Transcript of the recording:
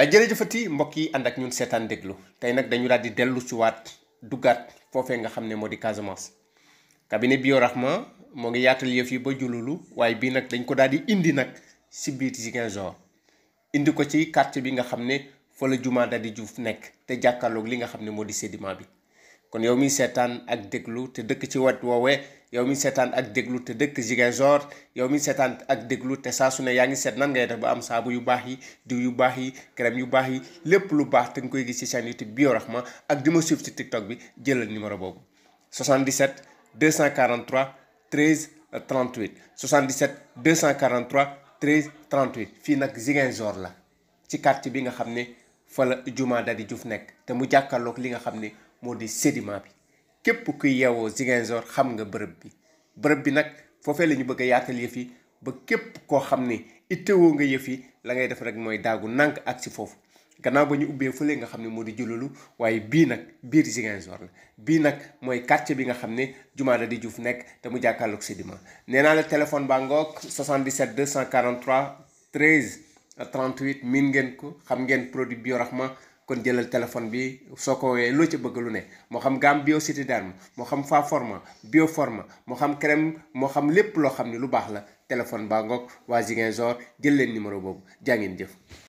Ah, jërëjëfati mbokk yi ànd ak ñun seetaan déglu tey nag dañu daal di dellu ci waat duggaat foofee nga xam ne moo di Casamance cabinet Biorahma moo ngi yaatal yëf yi ba jululu waaye bii nag dañ ko daal di indi nag si biir Ziguinchor indi ko ci quartier bi nga xam ne fa la jumaa daal di juuf nekk te jàkkaarloog li nga xam ne moo di sédiment bi kon yow mi seetaan ak déglu te dëkk ci wat woowee yow mi seetaan ak déglu te dëkk Ziguinchor yow mi seetaan ak déglu te saa su yaa ngi seet nan ngay def ba am saabu yu baax yi diw yu baax yi crème yu baax yi lépp lu baax te nga koy gis ci chaîne YouTube Biorahma ak di ma suivre ci TikTok bi jëlal numéro boobu 77 243 13 38 77 243 13 38 fii nag Ziguinchor la ci quartier bi nga xam ne fa la Juma Dadi Diouf nekk te mu jàkkaarloog li nga xam ne moo di sédiment bi képp kuy yeewoo Ziguinchor xam nga bërëb bi bërëb bi nag foofee la ñu bëgg a yaatal yëf yi ba képp koo xam ni ittewoo nga yëf yi la ngay def rek mooy daagu nànk ak si foofu gannaaw ba ñu ubbee fële nga xam ne moo di jululu waaye bii nag biir Ziguinchor la bii nag mooy quartier bi nga xam ne Jumaada di Juuf nekk te mu jàkkaarloog sédiment nee naa la téléphone baa ngoog 77 243 13 38 miin ngeen ko xam ngeen produit Biorahma kon jëlal téléphone bi soo ko woowee loo ca bëgg lu ne moo xam gamme bio Citéderme moo xam forma bio forma moo xam crème moo xam lépp loo xam ne lu baax la téléphone baa ngoog waa Ziguinchor jël leen numéro boobu jaa ngeen jëf.